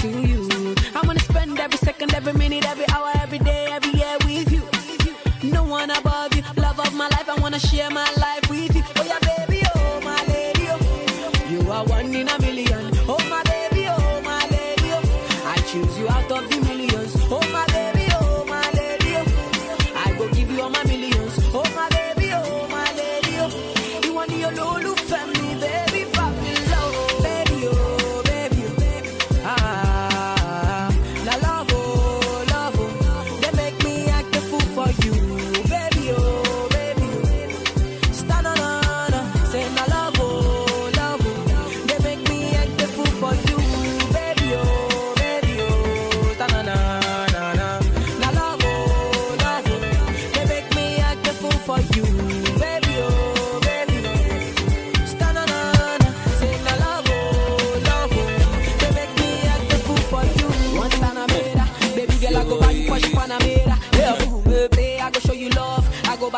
to you. I wanna spend every second, every minute, every hour, every day, every year with you. No one above you, love of my life, I wanna share my life.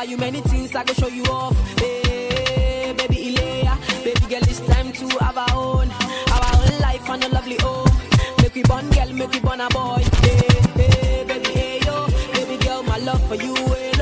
buy you many things, I go show you off. Hey, eh, baby Ilea, baby girl, it's time to have our own, our own life and a lovely home. Make we born girl, make we born a boy. Hey, eh, eh, hey, baby, hey yo, baby girl, my love for you. Hey,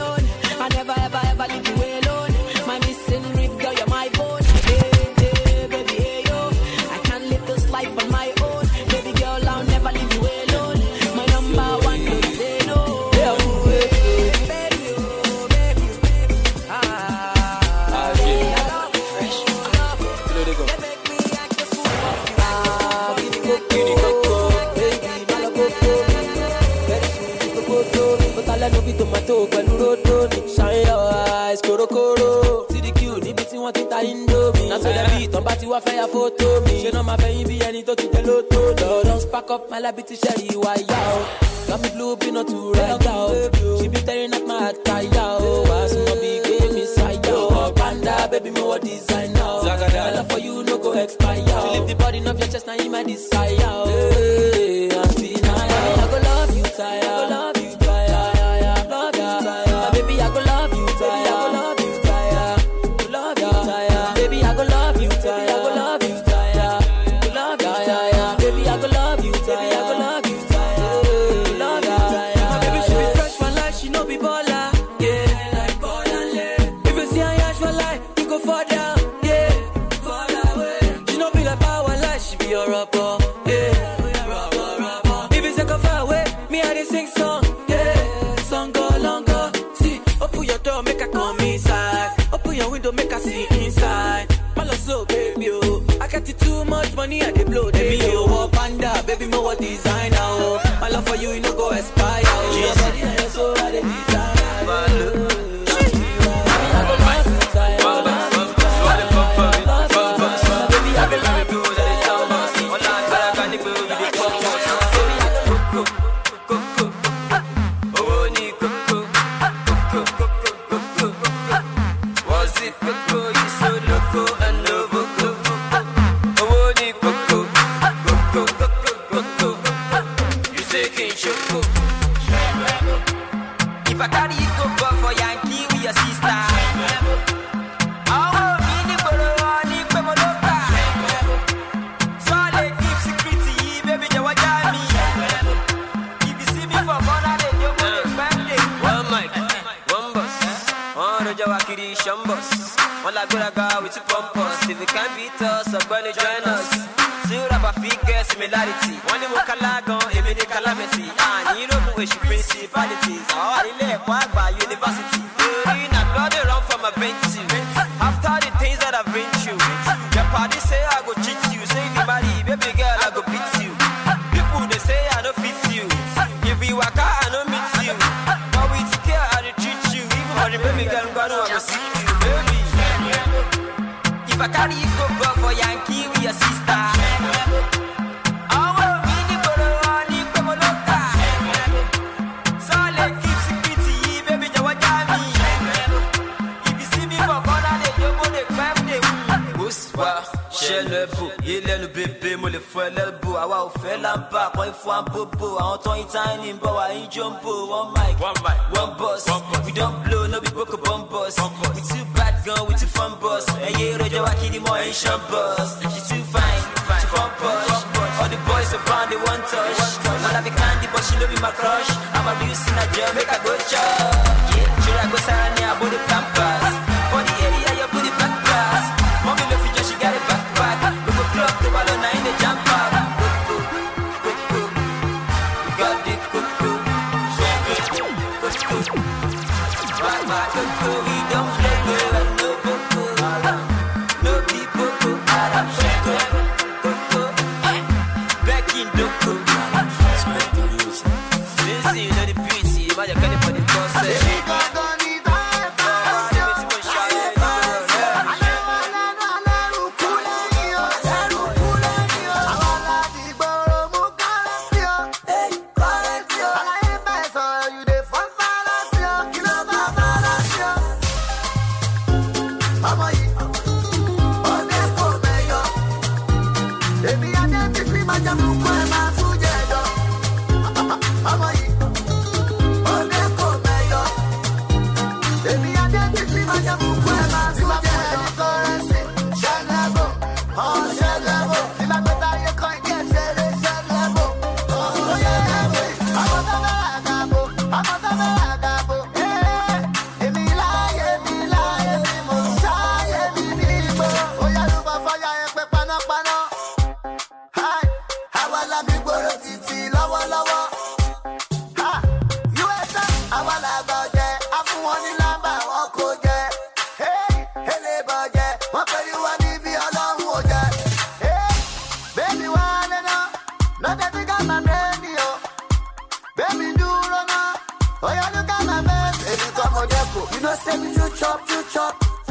tó pẹ̀lú ródónì shine your eyes kórókóró tdq níbi tí wọ́n ti ta indomi nasọ̀dẹ̀ bí ìtàn bá ti wá fẹ́ ya fótó mi ṣé náà máa fẹ́yìn bí ẹni tó ti jẹ́ lótó lọ not spark up my life ti ṣe ìwà yá o got me blue bí náà tù rẹ̀ yá o she be tearing up my attire o wàá súnmọ́ bí gbé mi ṣáyà o panda baby mo wọ designer o my love for you no go expire o she leave the body of your chest na in my design. she be my crush. I'm a real sinner, make a good job. Yeah.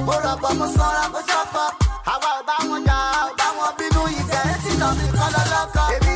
bọ́lá bọ́mọ about bó ṣọ́kọ. àwa ò bá wọn jà ò bá wọn bínú ìfẹ́ títọ́ mi kọ́ lọ́lọ́kọ. èmi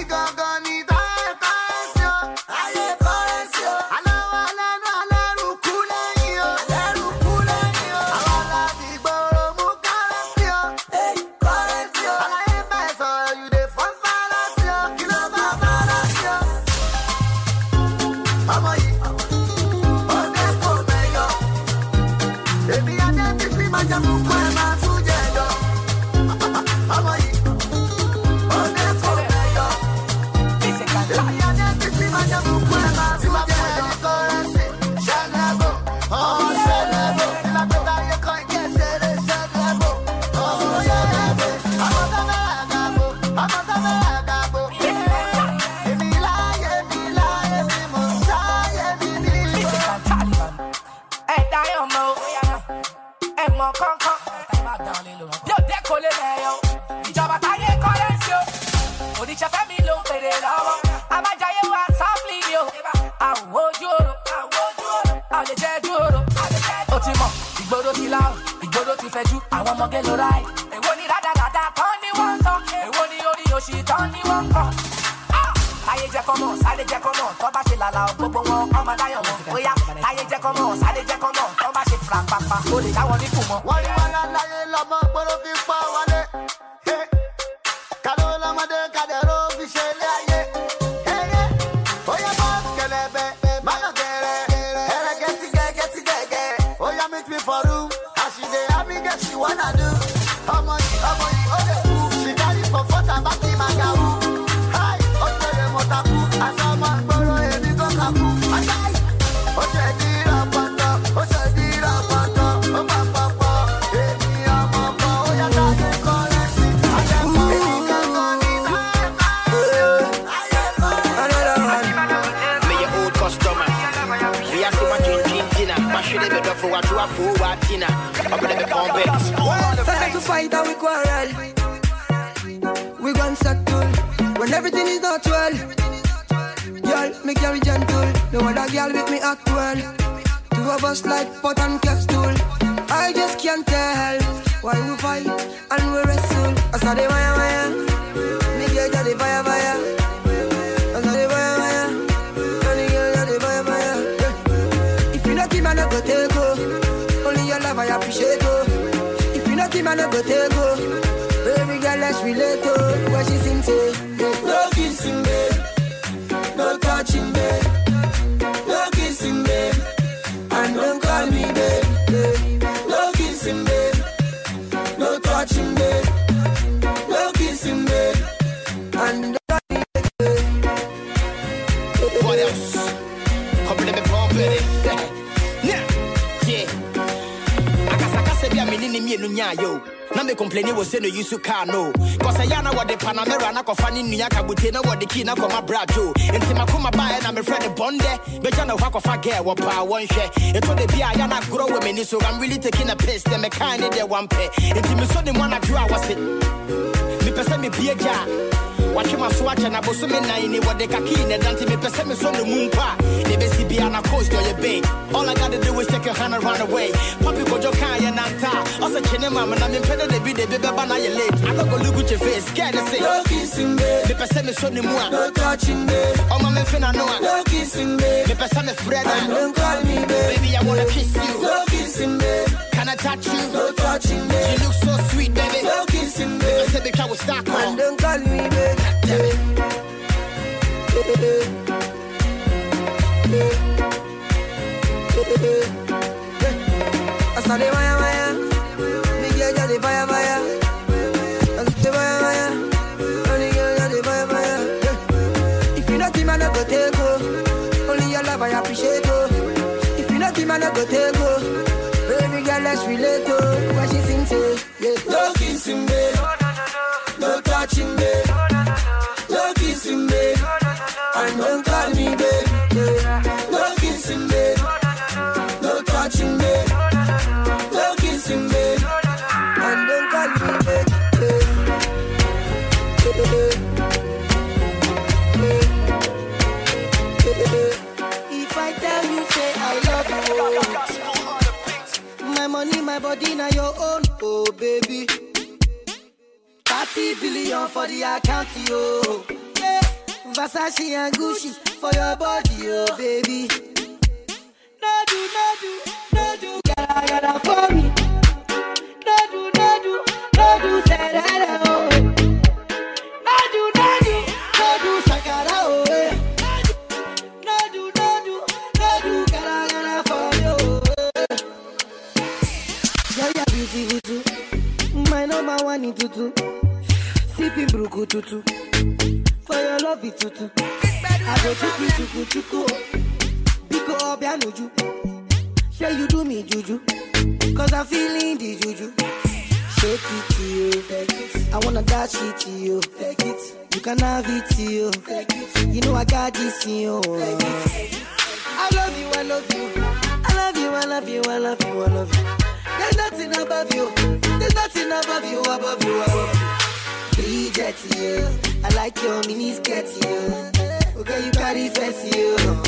a fool watching I'm gonna convex. Start to fight and we quarrel. We gon' settle when everything is not well. Girl, me carry gentle. No other girl with me act well. Two of us like pot and castle. I just can't tell why we fight and we wrestle. I saw the wire wire. Me get the fire fire. go take go. Baby girl, let's relate to oh. what she sings to. No kissing, babe. No touching, babe. No kissing, babe. And don't call me, babe. No kissing, babe. No touching, babe. No kissing, babe. And don't call me, babe. What else? Come let me pump it. Yeah. Yeah. Akasakasa bi a menene mienu nyaa yo na me complaini wɔ sɛ no yusu car no kɔsɛyɛ na wɔde panamera na kɔfa ne nnua kabute na wɔde kii na kɔma brajo nti makoma baɛ na mefrɛ ne bɔndɛ bɛgya ne hɔ akɔfa gɛ wɔ paa wɔnhwɛ de bia yɛ no agorɔ wɔ m'ani am really taking a piss dɛ mekaa ne deɛ wampɛ nti meso ne mu anadwo a wɔse mepɛ sɛ mebie gya a watwe maso akyɛ na bosome nan ni wɔde kakii na ɛdante mepɛ sɛ me so no mu mpa ne bɛsi bia na coast ɔyɛ all i gotta do is take your hand and run away Papa kɔdwo kaa na. Also chene mama na me pede de bi de be ba na ye late. I no go look with your face. Scared to say. No kissing baby. Me pese me so ni mu a. No touching baby. Oh mama me fina no a. No kissing baby. Me pese me friend a. Don't call me baby. Baby I wanna kiss you. No kissing baby. Can I touch you? No touching baby. You look so sweet baby. No kissing baby. I said because I was stuck on. Don't call me baby. Damn it. Asale maya 40 billion for the account, yo. Yeah. Versace and Gucci for your body, yo, baby. No do, no do, no do, gotta, gotta for me. No do, no do, no do, say that, oh. My number one in sipping buruku tutu for your love it tutu. I go chuku chuku chuku, biko obia nuju. Say you do me juju, cause I'm feeling the juju. Shake it to you, I wanna dash it to you. Take it, you can have it to you. Take it, you know I got this in you. Take it. I love you, I love you, I love you, I love you, I love you, I love you. There's nothing above you, there's nothing above you, above you, above you. you. I like your mini skirt, you. Okay, you carry fancy, you. Uh,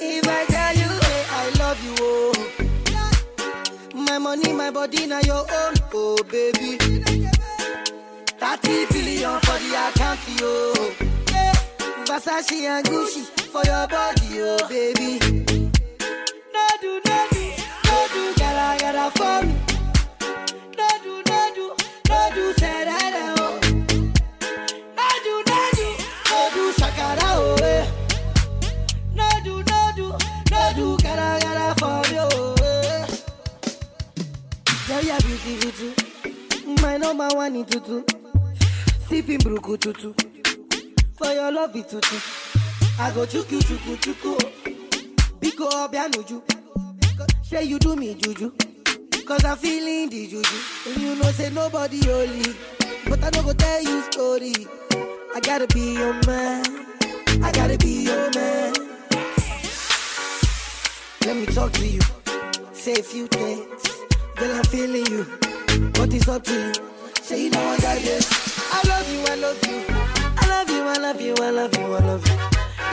if I tell you, hey, I love you, oh. My money, my body, now your own, oh baby. 30 billion for the account, yo. Versace and Gucci for your body, oh baby. No do, no do, no do, gotta, got for me. ya beauty tutu. My number one is tutu. Sipping bruku tutu. For your love to tutu. I go chuku chuku chuku. Biko obianuju. Say you do me juju. Cause I'm feeling the juju. you know say nobody only, But I no go tell you story. I gotta be your man. I gotta be your man. Let me talk to you. Say a few things. Girl, I'm feeling you. What is up to you? Say you know not want that, I love you, I love you. I love you, I love you, I love you, I love you.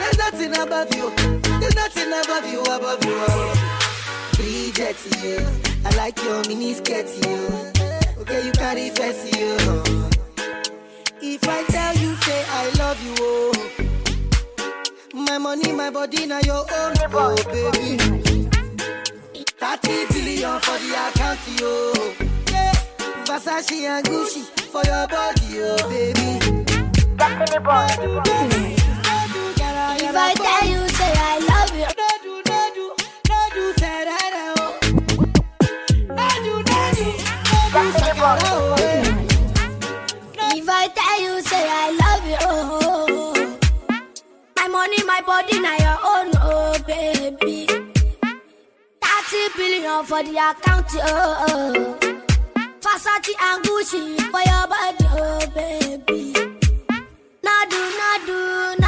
There's nothing above you. There's nothing above you, above you, above you. Bridget, yeah. I like your mini skirt, yeah. Okay, you not fancy, you. If I tell you, say I love you, oh. My money, my body, now your own, oh, baby. 30 billion for the account, yo. Yeah. Versace and Gucci for your body, yo, baby. That's the boy. If I tell you, say I love you. No do, no do, no do, say that I No do, no do, no do, say that oh, I eh. If I tell you, say I love you, oh, oh, oh. My money, my body, now your own, oh, baby. 40 billion for the account, oh, oh. Versace and Gucci for your body, oh, baby. Nadu, nadu,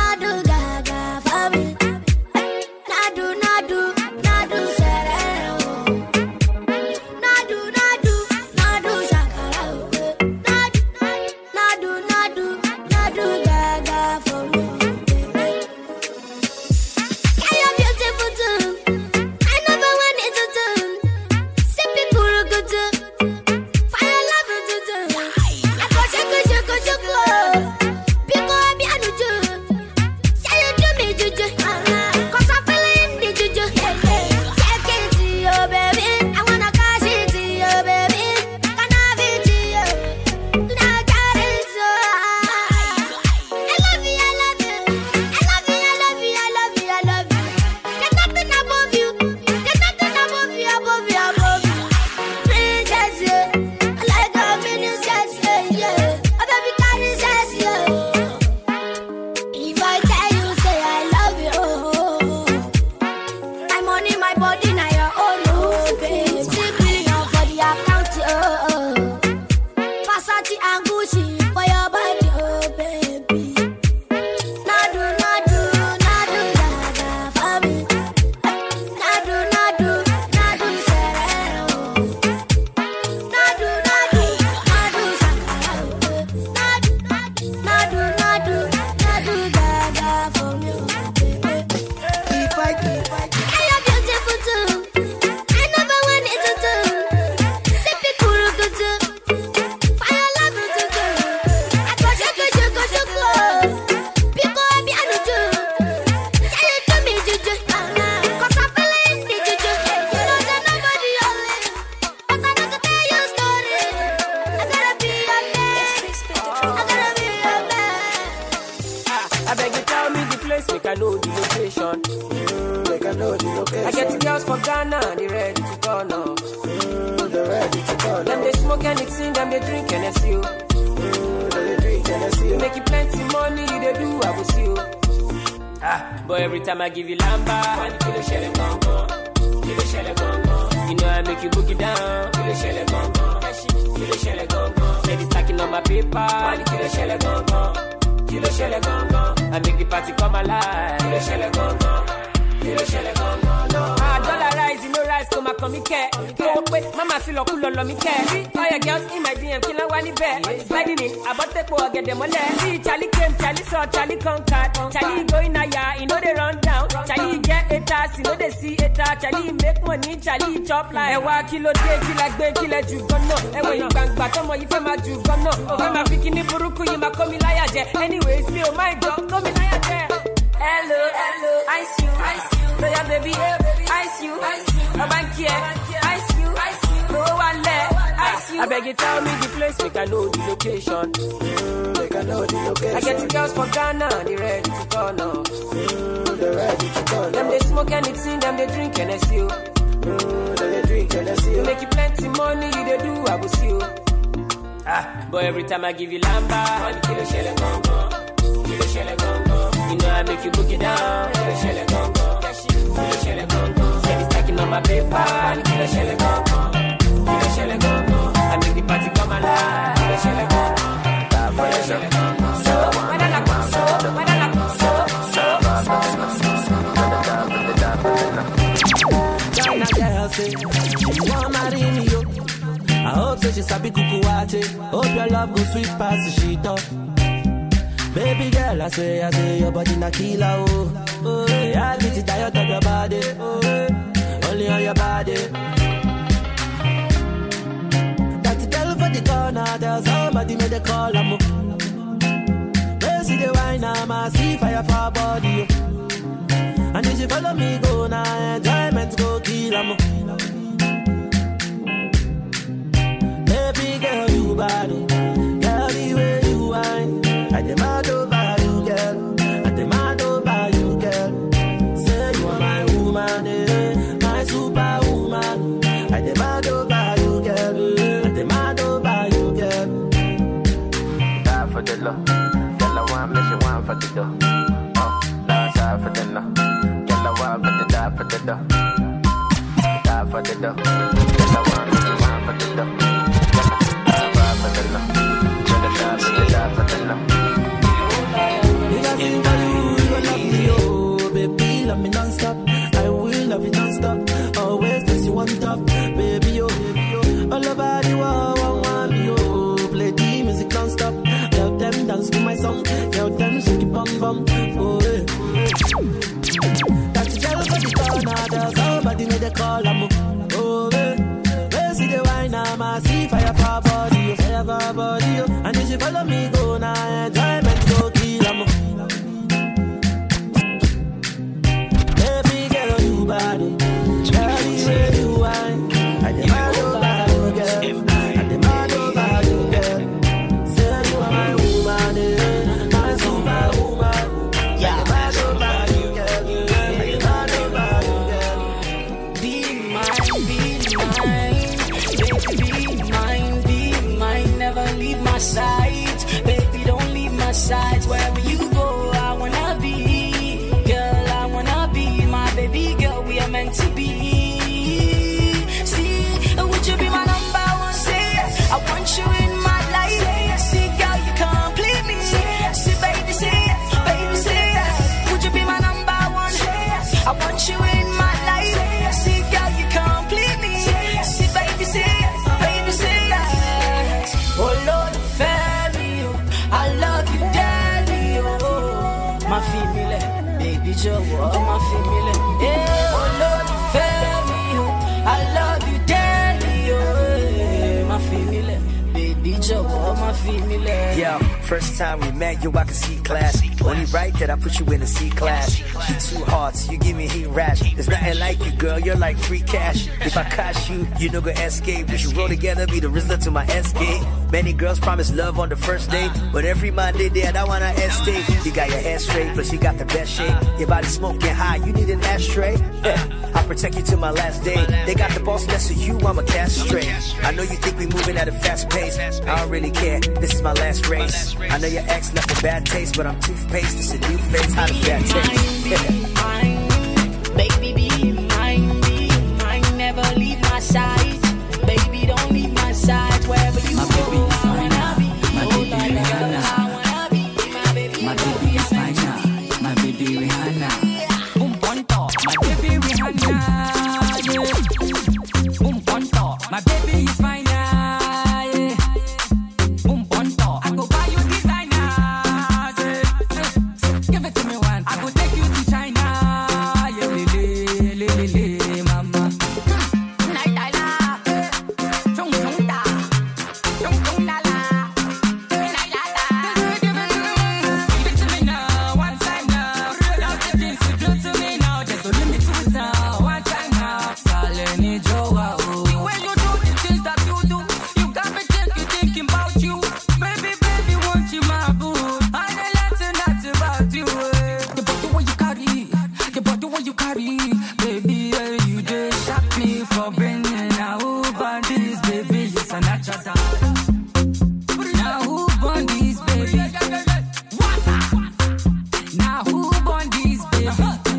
kílẹ̀ jù ẹ̀wọ̀n ìgbàǹgbà tọmọ yìí fẹ́ máa jù gan-an máa fi kíní burúkú yìí máa kó mi láyà jẹ anyways mi ò má ìgbọ́ kó mi láyà jẹ. hello hello ice you lọ́yà baby ice you ọba ń kí ẹ ice you owó wa lẹ̀ ice you. abeg you tell me the place make I know the location. Mm, make I know the location. I get girls for Ghana they ready to go now. Mm, they ready to turn up. dem dey smoke anything them they drink Hennessy o. Mm, jealousy. You oh. make you plenty money, you dey do, I will see you. Oh. Ah, but every time I give you lamba, you money kilo shele gongo, kilo shele gongo. You know I make you book it down, kilo shele gongo, kilo shele gongo. Say this stacking on my paper, money kilo shele gongo, kilo shele gongo. I make the party come alive, kilo shele gongo, kilo shele gongo. say she want marry me yo. I hope say she sabi kukuwache. Hope your love go sweet past she talk. Oh. Baby girl, I say, I say your body na killer oh. Oh, yeah, I get it tired of your body. Oh, only on your body. That girl for the corner, tell somebody made a call. I'm. Where see the wine? I'm a see fire for body. Oh. And if she follow me, go now, enjoyment go kill em. Baby girl, you body, oh. girl, the way you whine, I demand over you, girl, I demand over you, girl. Say you are my woman, eh, my superwoman, I demand over you, girl, I demand over you, girl. Die for the love, girl, I want me, she want for the dough. Uh, die for the love wild, but they die for the dough. Die for the dough. Yes, I want to want for the dough. Die for the dough. Trying to die, but they die for the dough. If I sing for you, you gon' love me, oh baby, love me nonstop. I will love you nonstop, stop Always this you on top, baby, oh baby, oh. All over the world, want want me, oh. Play the music nonstop, stop Tell them dance to my song. Tell them shake it bum bum, oh. Yeah. Everybody turn others, everybody know they call over. Oh, Where see the wine, I'm a see fire for body, fire for body. Oh. And if you follow me, go now, enjoyment. Yeah, first time we met you, I could see class. Only right that I put you in a C class. You hearts, you give me heat rash. There's nothing like you, girl. You're like free cash. If I catch you, you no go escape. We should roll together, be the Rizzler to my SK. Many girls promise love on the first date, but every Monday they I wanna escape. You got your head straight, plus you got the best shape. Your body smoking high, you need an ashtray. i I protect you till my last day. They got the boss next to you, I'm a castrate. I know you think we moving at a fast pace. I don't really care like this is my last race. I know your ex left a bad taste, but I'm toothpaste. It's a new face. How does bad taste? Baby, be mine, be mine. Never leave my side. Baby, don't leave my side wherever you my go. Baby, the hook.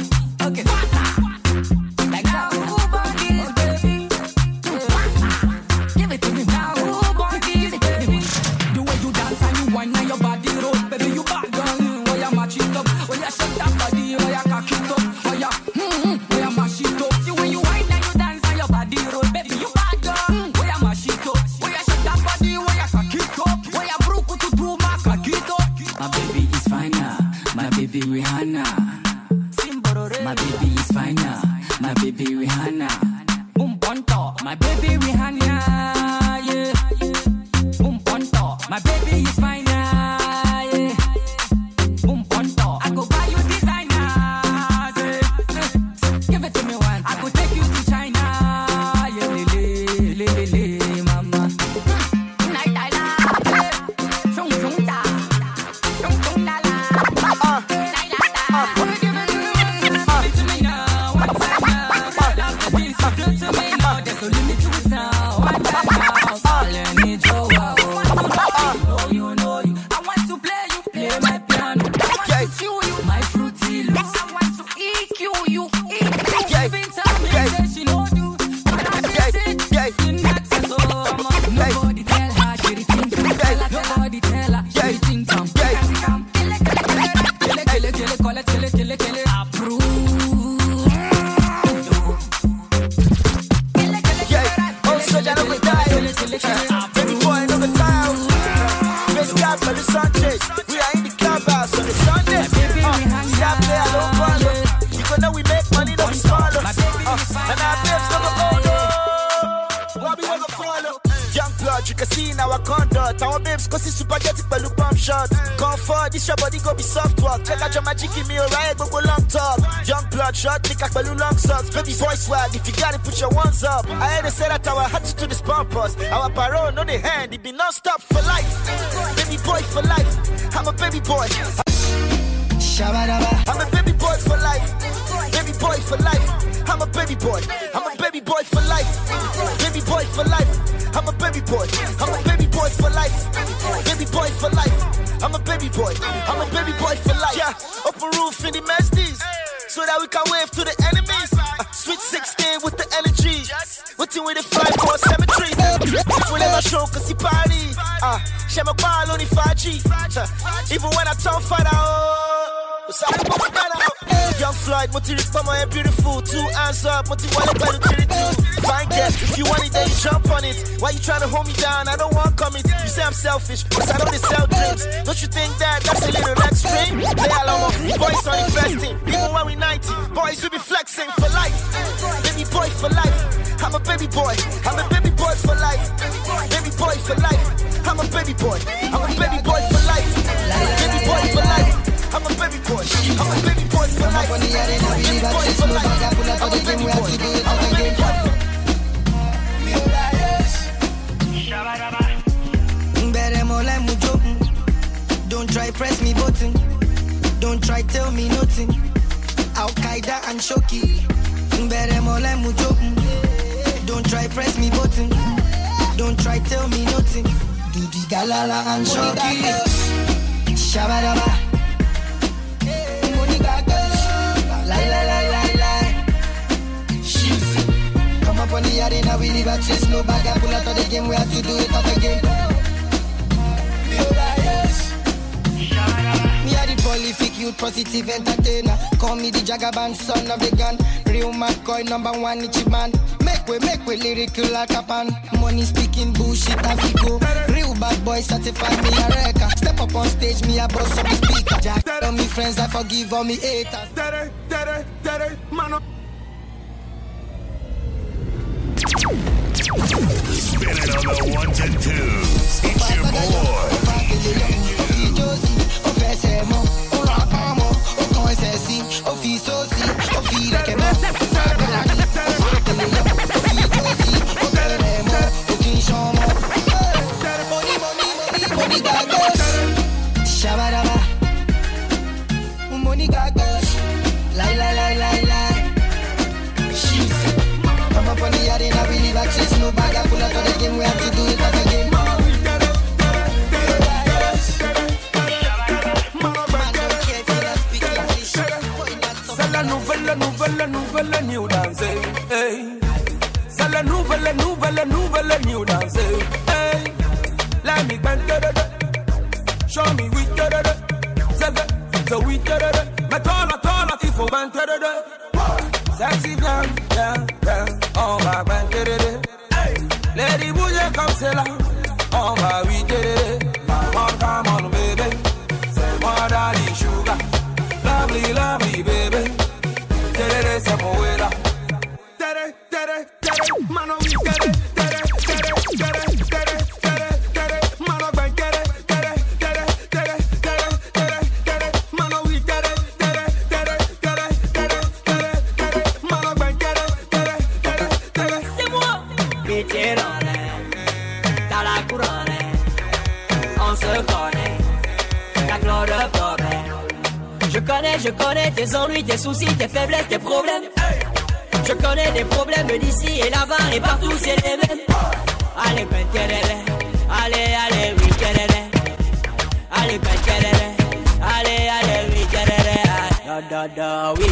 You can see in our conduct. Our babes go see spaghetti pẹ̀lú pump shot. Comfort, this your body go be soft work. Check out your magic, give me a ride, go go long talk. Young blood shot, take a pẹ̀lú long socks. Baby voice swag, if you got it, put your ones up. I had to say that our to this purpose. Our parole, no the hand, it be non-stop for life. Baby boy for life, I'm a baby boy. I'm a baby boy for life, baby boy for life. I'm a baby boy. I'm a baby boy for life. Baby boy for life. I'm a baby boy. I'm a baby boy for life. Baby boy for life. I'm a baby boy. I'm a baby boy for life. Yeah, Open roof in the Mazdies. So that we can wave to the enemies. Uh, sweet 16 with the energy. Waiting with the 5 4 cemetery. Full of my show, cause he party. Ah, uh, share my ball on the 5G. even when I talk, fight out. What's up? Young Floyd, Moti Rick Mama, you're beautiful. Two hands up, Moti Wale, Badu, Tiri, too. Fine girl, if you want it, then you jump on it. Why you trying to hold me down? I don't want commit. You say I'm selfish, cause I know they sell dreams. Don't you think that that's a little extreme? Play along with boys on investing. Even when we 90, boys will be flexing for life. Baby boy for life. I'm a baby boy. I'm a baby boy for life. Baby boy for life. I'm a baby boy. I'm a baby boy for life. Baby boy for life. I'm a baby boy. I'm a baby boy for life. I'm a baby boy for life. I'm a baby boy. Don't try press me button. Don't try tell me nothing. Al Qaeda and Shoki. Don't try press me button. Don't try tell me nothing. Do the galala and Shoki. Shabadaba. I did not really chase no bag. I pull out of the game, we have to do it up again. Me are the prolific youth positive entertainer. Call me the Jagaban, son of the gun. Real McCoy, number one Ichiban. Make way, make way, lyrical like a pan. Money speaking bullshit, as we go. Real bad boy, certified me a wrecker. Step up on stage, me a boss of the speaker. Jack, all me friends, I forgive all me haters. Man up. Spin it on the one and two. It's your boy. nouvelle, new dance. Hey. C'est la nouvelle, nouvelle, nouvelle, new dance. Hey. Let me bend da da Show me we da da da. Say the, the we da da da. Me turn a turn a tifo bend da da da. tes soucis, tes faiblesses, tes problèmes. Je connais des problèmes d'ici et là-bas et partout c'est les mêmes. Allez, pentelele, allez, allez, oui, telele. Allez, pentelele, allez, allez, oui, telele. Da, da, da, oui,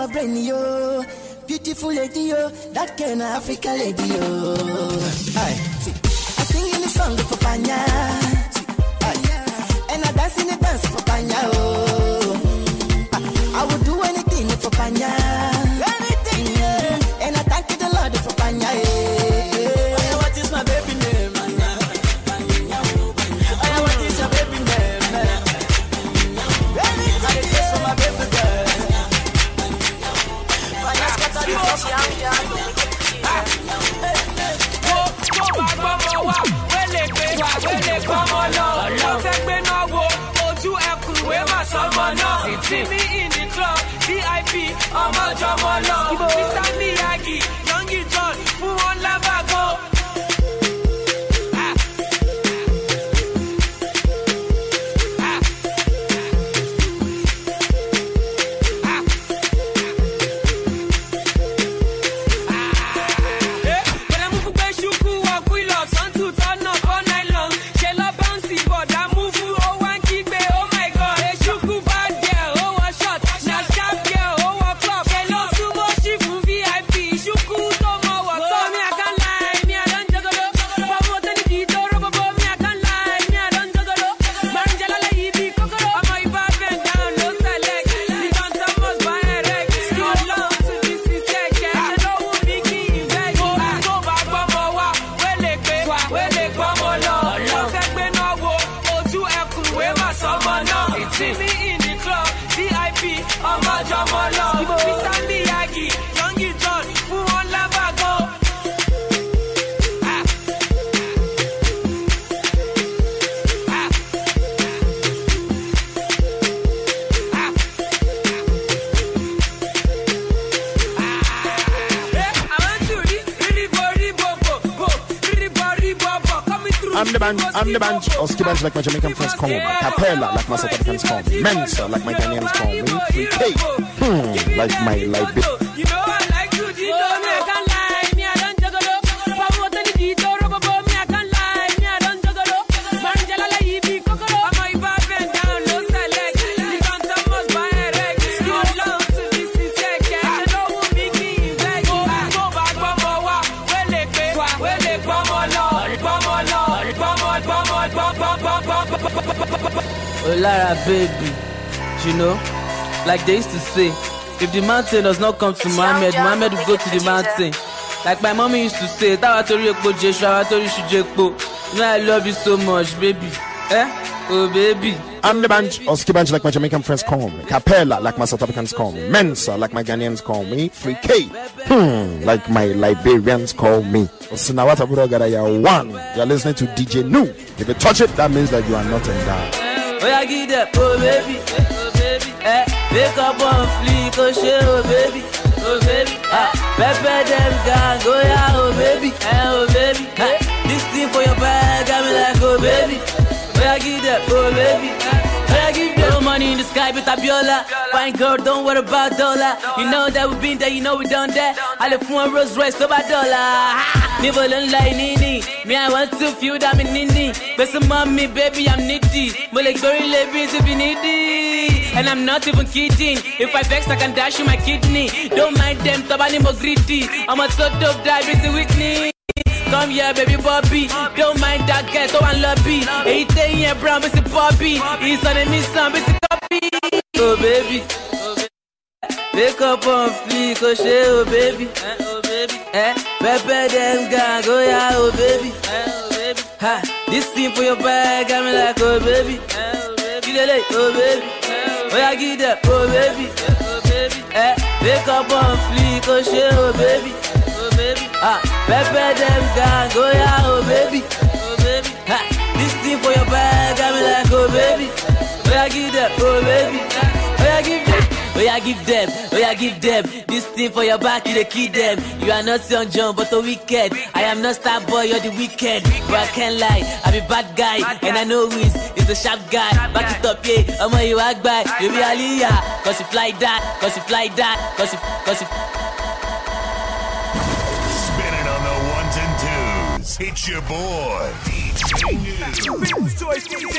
my brain, yo. Beautiful lady, yo. That kind of Africa lady, yo. I sing in the song of Papanya. band, I'm the band. Oski band like my Jamaican friends call me. Capella like my South Africans call me. Mensa like my Ghanaians call me. 3K hmm, like my life bit. Lara baby, you know, like they used to say, if the mountain does not come to it's Muhammad, Muhammad will go to the mountain. Like my mommy used to say, táwa torí epo jésù, àwa torí iṣu jẹ́po. You know I love you so much, baby. Eh? Oh, baby. I'm the bunch, or ski bunch like my Jamaican friends call me. Capella like my South Africans call me. Mensa like my Ghanaians call me. Free K, hmm, like my Liberians call me. Osinawata Buragara, you're one. You're listening to DJ Nu. If you touch it, that means that you are not in endowed. Oh yeah, get up, oh baby, oh baby. Eh, wake up on fleek, oh shit, oh baby, oh baby. Ah, pepper them gang, oh yeah, oh baby. Eh, Fabiola. Fine girl, don't worry about dollar. You know that we've been there, you know we done that. I left one Rolls Royce to a dollar. Never learn like Nini. Me, I want to feel that me Nini. Best of mommy, baby, I'm needy. But like very ladies, if you needy. And I'm not even kidding. If I vex, I can dash you my kidney. Don't mind them, tabani mo greedy. I'm a sort of diabetes with me. Come here, baby Bobby. Don't mind that guy, don't ghetto and lobby. Anything here, brown, Mr. Bobby. He's on a mission, Mr. Copy. Oh, baby. Wake up on fleek, oh, shit, oh, baby. Eh, oh, baby. Eh, pepper them gang, oh, yeah, oh, baby. Eh, oh, baby. Ha, this thing for your bag, I'm like, oh, baby. Eh, oh, baby. oh, baby. Eh, oh, yeah, give that, oh, baby. Eh, oh, baby. Eh, wake up on fleek, oh, shit, oh, baby. Eh, Ah, pepper them gang, oh yeah, oh baby, oh baby. Ha, this thing for your bag, I'm like, oh baby, Where oh, I give them, oh baby, Where oh, I give them. Oh yeah, give them, oh yeah, give them This thing for your back, you the kid them You are not young John, but a wicked I am not star boy, you're the wicked But I can't lie, I'm a bad guy And I know who is, is the sharp guy Back it up, yeah, I'm on you act by You be Aliyah, cause you fly that Cause you fly that, cause you, cause you It's your boy, DJ News. Choice DJ.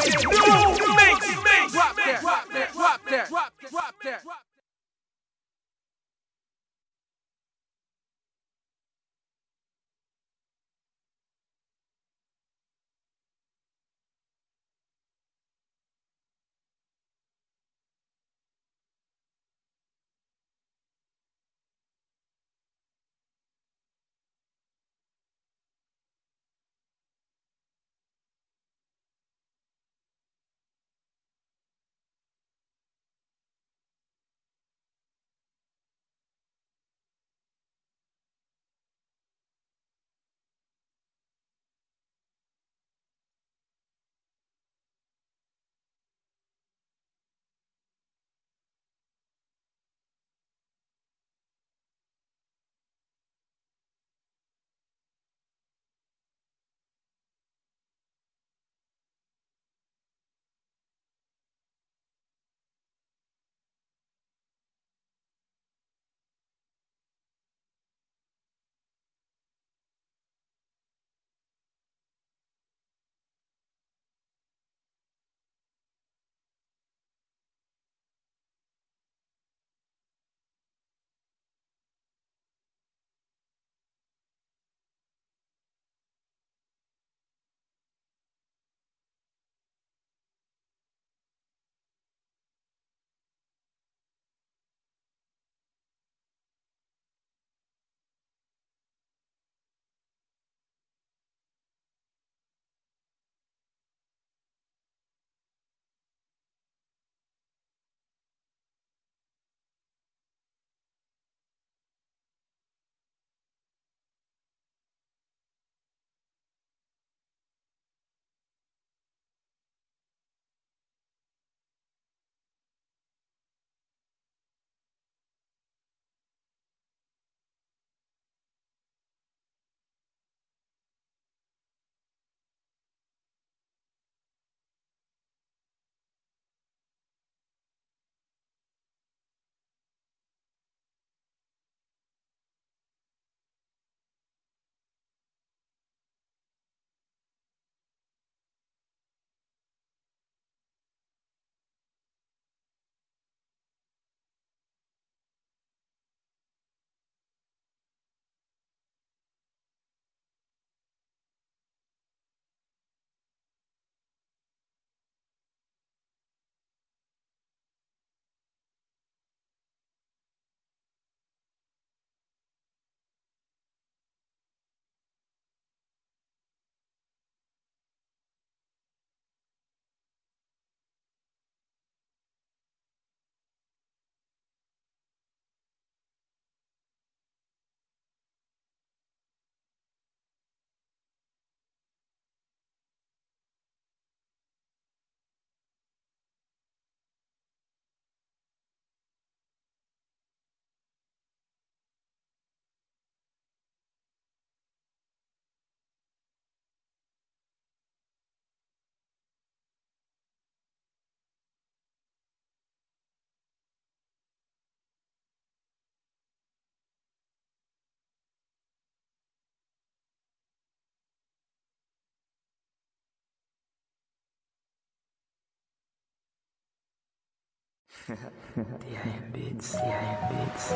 DIM Beats, DIM Beats.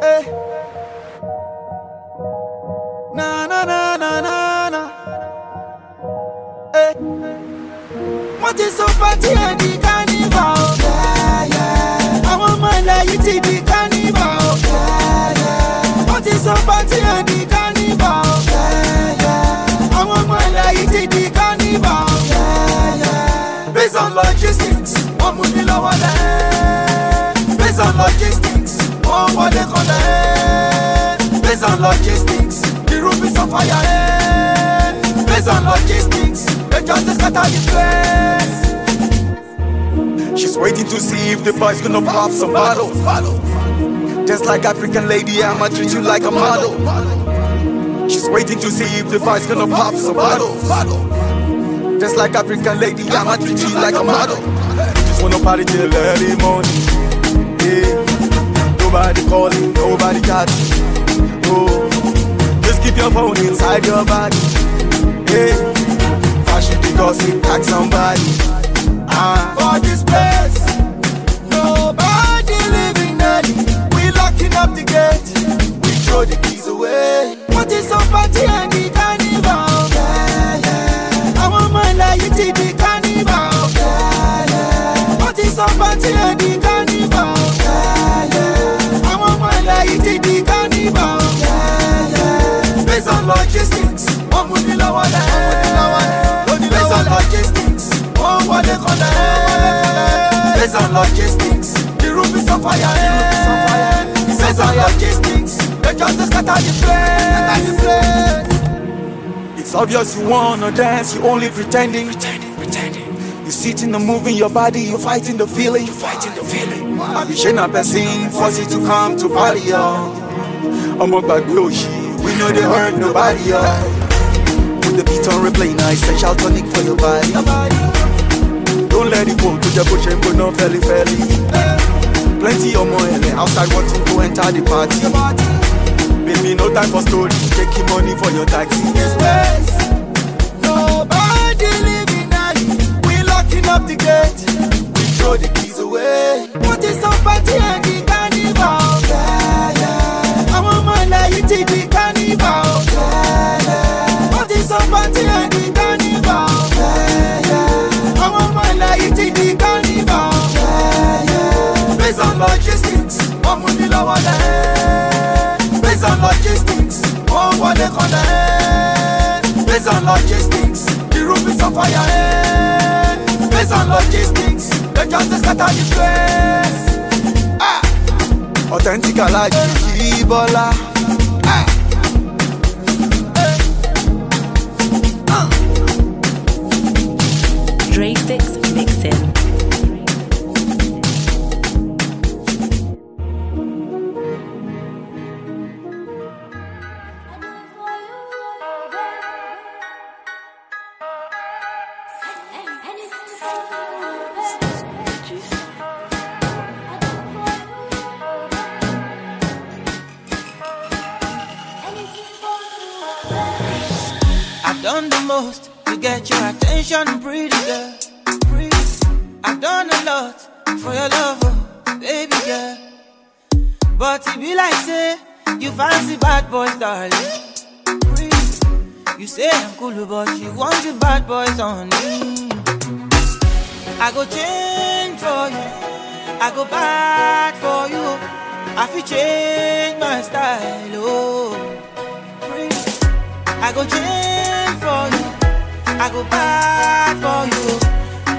Hey. Na na na na na na. Hey. Eh. What is up at the on logistics wọ́n mú mi lọ́wọ́ lẹ́. based on logistics wọ́n wọlé kan lẹ́. based on logistics the roof is on fire lẹ́. Eh. based on logistics they just dey scatter the She's waiting to see if the boy's gonna pop some bottles. Just like African lady, I'ma treat you like a model. She's waiting to see if the boy's gonna pop some bottles. Just like African lady, I'ma treat you like a model. Just wanna party till early morning. Yeah. Nobody calling, nobody catching. Oh. Just keep your phone inside your body. Yeah. Fashion because it packs somebody. Ah. For this place, nobody living dirty. We locking up the gate. We throw the Sales and logistics. The room is on fire. Yeah. Sales and logistics. They just scatter the place. It's obvious you wanna dance, you only pretending. Pretending, pretending. You are sitting and moving your body, you are fighting the feeling, you are fighting the feeling. I be shame and person, forcing to come to party, yo. I'm about glory, we know they hurt nobody, Put the beat on replay, Nice special tonic for your body don't let it go tó bush and ṣe no gbóná fẹ́lifẹ́li. plenty of money outside wanting to enter the party. baby no time for story taking money for your taxi. nobody living early we locking up the gate we throw the keys away. put it some party and logistics wọ́n mú mi lọ́wọ́ lẹ́ based on logistics wọ́n wọlé kan lẹ́ based on logistics the roof is on fire eh. based on logistics the just scatter the place. Ah. authentic Alhaji Jibola. Ah. Drake the cool, but she wants you bad boys on me. I go change for you, I go bad for you. I feel change my style, oh. I go change for you, I go bad for you.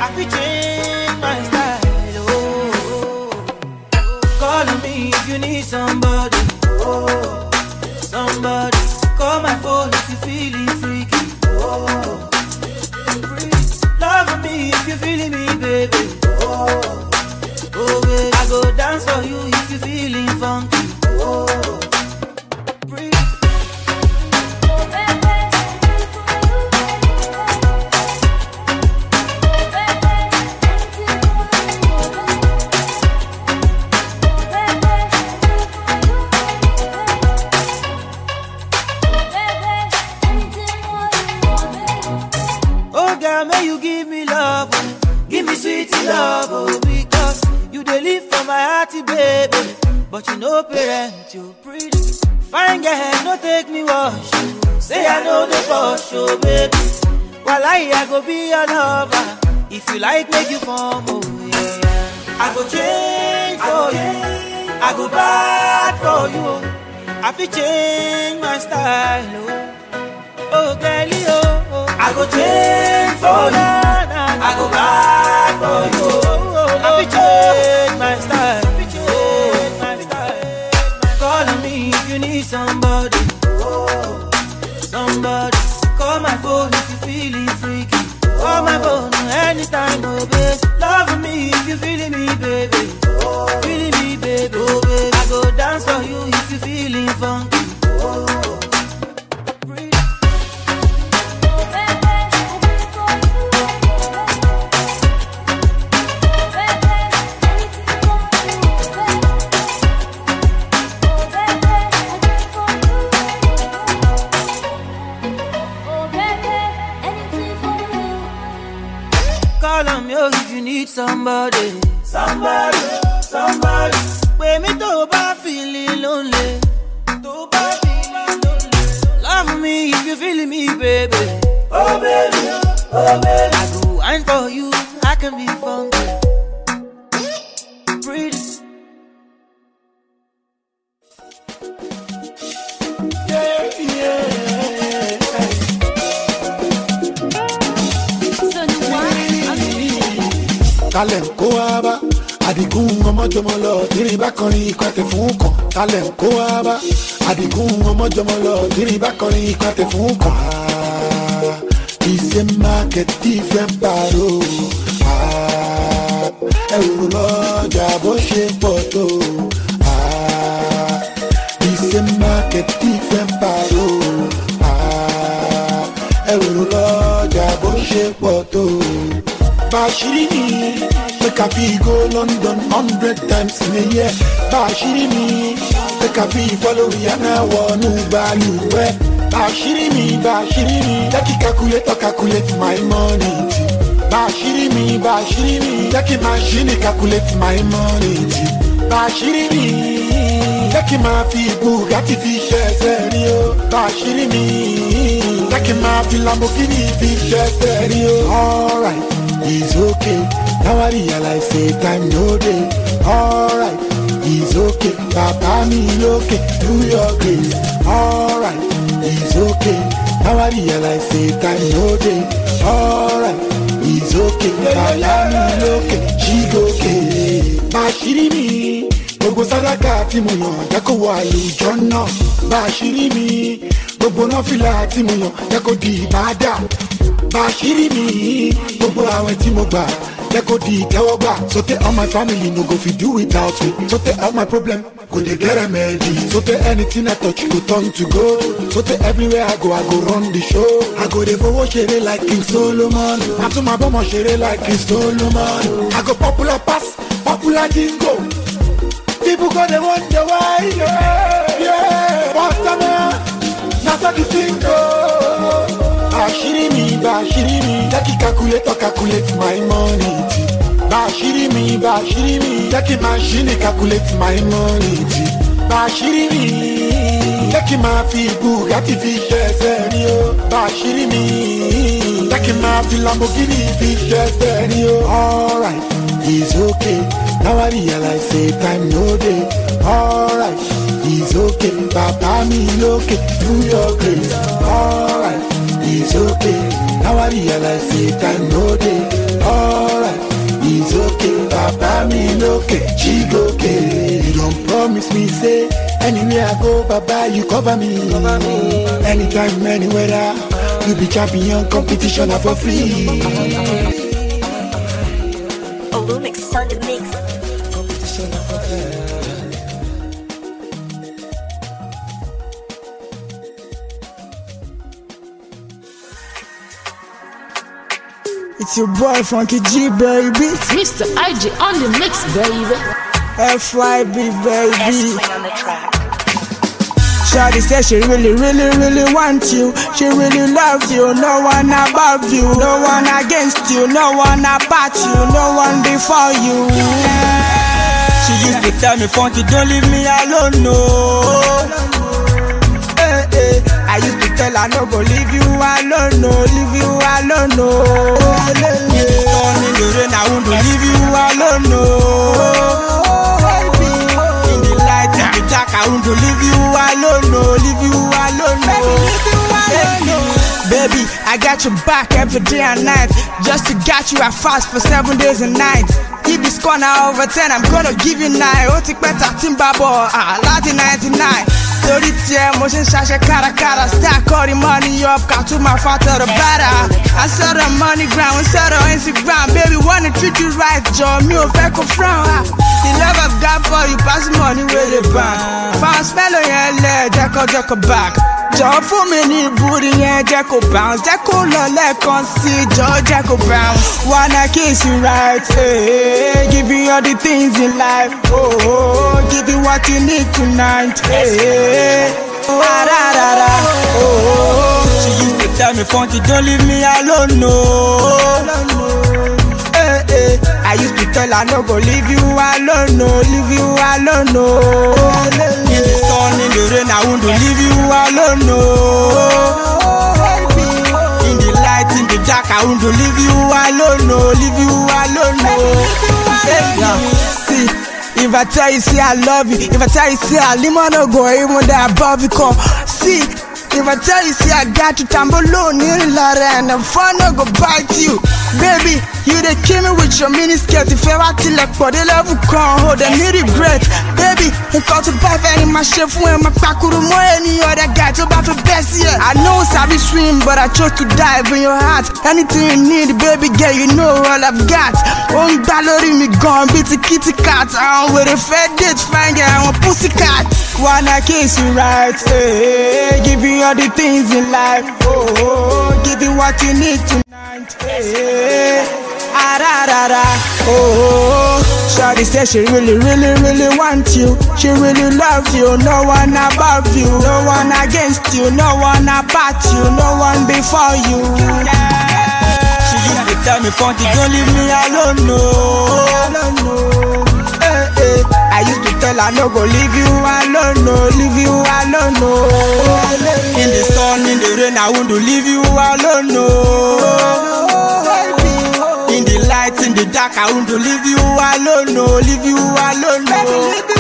I feel change my style, oh. Call on me if you need somebody, oh. Somebody, call my phone if you feel it. Küfülü like make you fall oh yeah, I go change for you I go bad for you oh. I fit change my style oh oh girlie oh, oh I go change for you di kwate fún kan. Ìṣe market tí fẹ́ bàrò. Ẹ̀rù lọ́jà bó ṣe pọ̀ tó. Ìṣe market tí fẹ́ bàrò. Ẹ̀rù lọ́jà bó ṣe pọ̀ tó. Bàṣírí ni make ah, ah, ah, go London hundred times in a year. Bàṣírí ni make I fit follow Rihanna wọnú balùwẹ̀. Bashiri mi, bashiri mi. Jẹ́ kí calculator calculate my money. Bashiri mi, bashiri mi. Jẹ́ kí machine calculate my money. Bashiri mi. Jẹ́ ma fi Bugatti fi ṣe ẹsẹ̀ rí o. Bashiri mi. Jẹ́ ma fi Lamborghini fi ṣe ẹsẹ̀ o. Alright, it's okay. Now I realize say time no day. Alright, it's okay. Papa, mi okay, do your grace. Alright is okay. Now I realize say time no day. Alright, it's okay. Bàbá mi lókè, ṣí gòkè. Bá a ṣírí mi, gbogbo sàdákà tí mo yàn jẹ́ kó wọ àlùjọ náà. Bá mi, gbogbo nọ́fìlà tí mo yàn jẹ́ kó di ìbàdà. Bá mi, gbogbo àwẹ̀ tí mo gbà jẹ́ kó di ìtẹ́wọ́gbà. So tell all my family no go fit do without me. So tell all my problems go dey get remedy sotey anything i touch go turn to gold sotey everywhere i go i go run the show i go dey fowó ṣeré like king solomon ma àtúmọ̀bọ́mọ̀ ṣeré like king solomon i go popular pass popular jingo people go dey wonder why yeah, yeah. bọ́sítọ́mọ́ na so the thing go àṣírí mi ibà àṣírí mi jẹ́ kí calculator calculate my money. Bashiri mi, Bashiri mi. Jẹ́ kí màṣíìnì calculate my money ti. Bashiri mi. Jẹ́ kí máa fi Bugatti fi ṣe ẹsẹ̀ rí o. Bashiri mi. Jẹ́ kí máa fi Lamborghini fi ṣe ẹsẹ̀ rí o. Alright, it's okay. Now I realize say time no dey. Alright, it's okay. Bàbá mi lókè, do your grace. Alright, it's okay. Now I realize say time no dey. Alright is okay baba mi lókè jígòkè. you don promise me say anywhere i go baba you cover me. cover me. anytime any weather you be champion competition na for free. Olumix on the mix. It's your boy Funky G, baby. Mr. IG on the mix, baby. FYB, baby. S on Shawty she really, really, really want you. She really loves you. No one above you. No one against you. No one about you. No one before you. She used to tell me, Funky, don't leave me alone, no. Hey, eh, eh. hey. I used tell I no go leave you alone, no, leave you alone, no. In the in the rain, I won't leave you alone, no. In the light, in the dark, I won't leave you alone, no, leave you alone, no. Baby, I got your back every day and night. Just to get you, I fast for seven days and nights. If this corner over 10, I'm gonna give you 9. Oh, take better 13 bàbọ̀, ah, láti 99 torí tiẹ̀ mo ṣe ń ṣaṣẹ kárakára star kọ́rin money up got ká tún máa the tọrọ I saw the money ground saw the instagram baby wanna treat you right jọ Me ò fẹ́ kó frown the love of God for you pass money wey dey ban fans fẹ́lẹ̀ yẹn lẹ̀ jẹ́kọ̀jẹ́kọ̀ back. jọ fún mi ní ìbúrí yẹn jẹ́ kó bounce jẹ́ kó lọ lẹ́ẹ̀kan sí jọ jẹ́ kó bounce wanna kiss you right hey, eh, give you all the things in life oh, oh, give you what you need tonight. Hey, eh. oh, ah, da, da, da, oh, oh, oh. she used to tell me funky don't leave me alone no say I used to tell her no go leave you alone, no leave you alone, no. In the sun, in the rain, I won't leave you alone, no. In the light, in the dark, I won't leave you alone, no, leave you alone, no. see. If I tell you, say I love you. If I tell you, say I live, I no go even that above you. Come, see. If I tell you, see, I got you, Tambolo, Nilare, and the fun I go bite you. Baby, you they kill me with your miniskirt. If ever till like, but they love you, can't hold, and you regret. Baby, happy. Nǹkan tó bá fẹ́ ni màá ṣe fún ẹ, máa pakuru mọ́ ènìyàn ọ̀dà guy tó bá fi bẹ́ sí ẹ. I know sabi swim but I chose to dive in your heart. Anything you need baby girl you know all I've got. Ó ń gbá lórí mi gan bí kitty cat. I'm with a fed fẹ́ date I'm a pussy cat. Wanna kiss you right, hey, eh, hey, give you all the things in life. Oh, oh, oh, give you what you need tonight. Hey, eh. hey. ah da da da. Oh, Shawty say she really, really, really want you. She really loves you. No one above you, no one against you, no one about you, no one before you. She used to tell me, "Fonty, don't leave me alone, no." Eh, eh. I used to tell her, "No go leave you alone, no, leave you alone, no." In the sun, in the rain, I wouldn't leave you alone, no. in the dark, I want to leave you alone, no, oh, leave you alone, no. Oh.